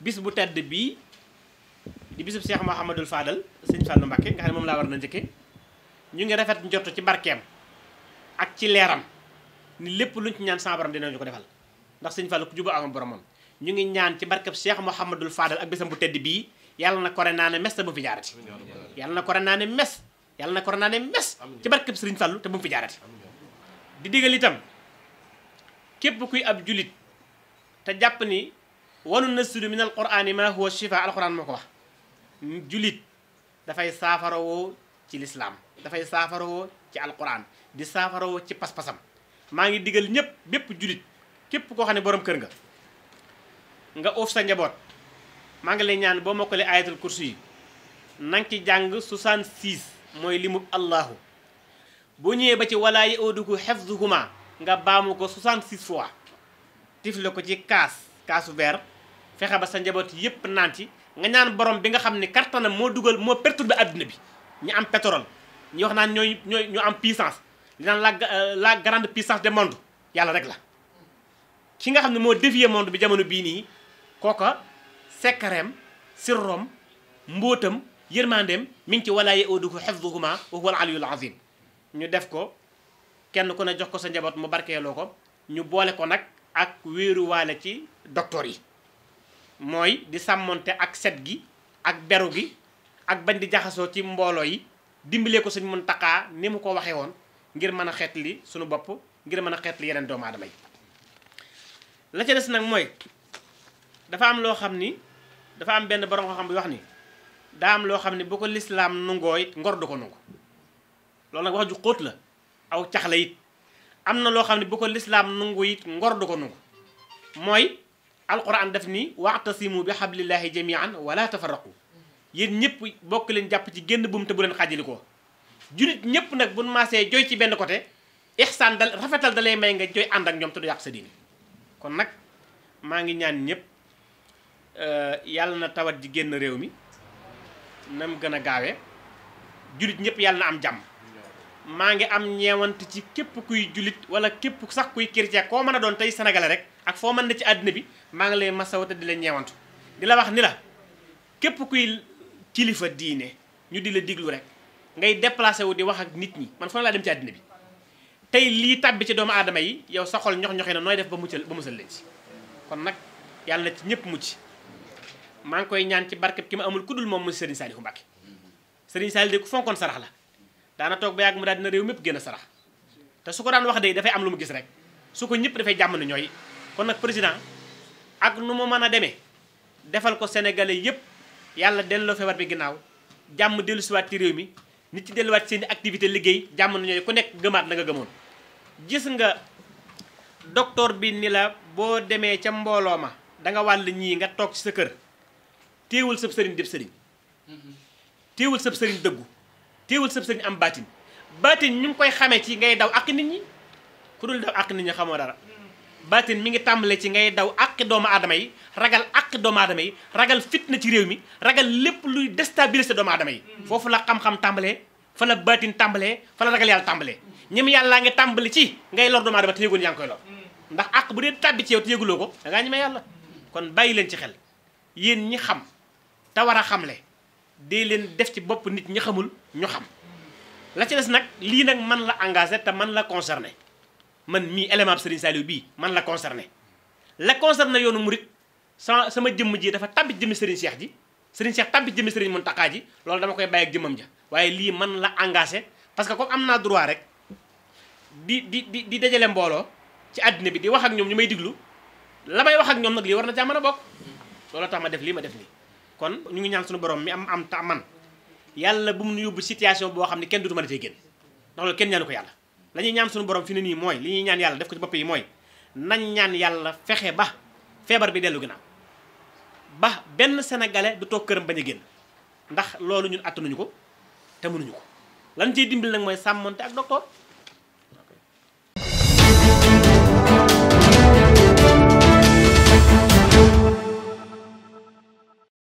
bis bu tedd bii di bisub Cheikh Mouhamadul Fadal sëñ Fallou Mbacké nga xam ne moom laa war na njëkke ñu ngi rafet njort ci barkeem ak ci leeram ni lépp luñ ci ñaan sa borom ñu ko defal ndax sëñ Fallou ku juba am boromam ñu ngi ñaan ci barkeb Cheikh Mouhamadul Fadal ak bisam bu tedd bii yàlla na kore naa ne mes te bu mu fi jaarati yàlla na kore naa ne mes yàlla na kore naa ne mes ci barkeb sëriñ Fallou te bu mu fi jaarati di digal itam képp kuy wanu nazzulu min alqur'ani ma huwa shifa alquran moo ko wax julit dafay saafara woo ci lislaam dafay saafara woo ci alquran di saafara woo ci pas-pasam maa ngi digal ñëpp bépp julit képp koo xam ne boroom kër nga nga uuf sa njaboot maa ngi lay ñaan boo mokkalee ayatul kursi yi nanga ci jàng 66 mooy mu allahu boo ñëwee ba ci walaa yauduhu xifduhuma nga baamu ko 66 fois tifle ko ci kaas kaasu beer fexe ba sa njaboot yépp naan ci nga ñaan borom bi nga xam ne kattanam moo dugal moo perturbé àdduna bi ñu am pétrole ñu wax naan ñooy ñooy ñu am puissance li naan la euh, la grande puissance du monde yàlla rek la ki nga xam ne moo défier monde bi jamono bii nii kooka sekkareem sirroom mbóotam yërmandeem mi ngi ci walaa yauduhu xifduhuma wa huwa al aliyul azim ñu def ko kenn ku ne jox ko sa njaboot mu barkeeloo ko ñu boole ko nag ak wéeruwaale ci docteur yi mooy di sàmmoonte ak set gi ak beru gi ak bañ di jaxasoo ci mbooloo yi dimbalee ko suñ mun taqaa ni mu ko waxee woon ngir mën a li suñu bopp ngir mën a xeetli yeneen doomaadama yi la ca des nag mooy dafa am loo xam ni dafa am benn borom ko xam bi wax ni daa am loo xam ni bu ko lislaam nungoo it ngor du ko nungu loolu nag wax ju xóot la aw cax la it am na loo xam ne bu ko lislaam nungu it ngor du ko nungu mooy alquran daf ni waxtasimu bi xablillahi jamian wala tafarraqu yéen ñëpp bokk leen jàpp ci génn buum te bu leen xaajali ko julit ñëpp nag buñ maasee jooy ci benn côté ixsaan dal rafetal dalay may nga joy ànd ak ñoom te du yàq sa diine kon nag maa ngi ñaan ñëpp euh, yàlla na tawat ji génn réew mi nam gën a gaawe julit ñëpp yàlla na am jàmm maa ngi am ñeewant ci képp kuy jullit wala képp sax kuy chrétien koo mën a doon tey senegale rek ak foo mën na ci àddina bi maa ngi leen masawu te di la ñeewantu di la wax ni la képp kuy kilifa diine ñu di la diglu rek ngay déplacé wu di wax ak nit ñi man foo laa dem ci àddina bi tey lii tàbbi ci doomu aadama yi yow sa xol ñox-ñoxe na nooy def ba muccal ba musal leen ci kon nag yàlla na ci ñëpp mucc maa ngi koy ñaan ci barkeb ki ma amul ku dul moom mu Serigne Saliou Mbacké Serigne Saliou de la daana toog ba yàgg mu daal dina réew mépp génn sarax te su ko daan wax de dafay am lu mu gis rek su ko ñëpp dafay jàmm ne ñooy kon nag président ak nu mu mën a demee defal ko sénégalais yëpp yàlla delloo feebar bi ginnaaw jàmm dellusiwaat ci réew mi nit ci delluwaat seen activité liggéey jàmm na ñooy ku nekk gëmaat na nga gëmoon gis nga docteur bi ni la boo demee ca mbooloo ma da nga wàll ñii nga toog ci sa kër téewul sab sëriñ dib sëriñ mm-hmm. téewul sab sëriñ dëggu teewul sëb sëriñ am baatin baatin ñu ngi koy xamee ci ngay daw ak nit ñi ku dul daw ak nit ñi xamoo dara baatin mi ngi tàmbale ci ngay daw ak doomu aadama yi ragal ak doomu aadama yi ragal fitna ci réew mi ragal lépp luy déstabiliser doomu aadama yi foofu la xam-xam tàmbalee fa la baatin tàmbalee fa la ragal yàlla tàmbalee ñim yàllaa ngi tàmbali ci ngay lor doomu aadama te yëgoon yaa ngi koy lor ndax ak bu dee tàbbi ci yow te yëguloo ko da ngaa ñemee yàlla kon bàyyi leen ci xel yéen ñi xam te war a xamle dee leen def ci bopp nit ñi xamul ñu xam la ci des nag lii nag man la engage te man la concerné man mii élément bi Serigne bii man la concerné la concerné yoonu murit sama sama jëmm ji dafa tàbbi jëmmi Serigne Cheikh ji Serigne Cheikh tàbbi jëmmi Serigne Mountakha ji loolu dama koy bàyyi ak jëmmam ja waaye lii man la engagé parce que am naa droit rek di di di di dajale mbooloo ci àddina bi di wax ak ñoom ñu may diglu la may wax ak ñoom nag lii war na caa mën a bokk loolu tax ma def lii ma def nii kon ñu ngi ñaan suñu borom mi am am ta man yàlla bu mu nu yóbbu situation boo xam ne kenn dutu mën a génn ndax kenn ñaanu ko yàlla la ñuy suñu borom fi ne nii mooy ñuy ñaan yàlla def ko yi mooy nañ ñaan yàlla fexe ba feebar bi dellu ginnaaw ba benn sénégalais du toog këram bañ a génn ndax loolu ñun attanuñu ko te mënuñu ko lan ciy dimbil nag mooy sàmmonte ak docteur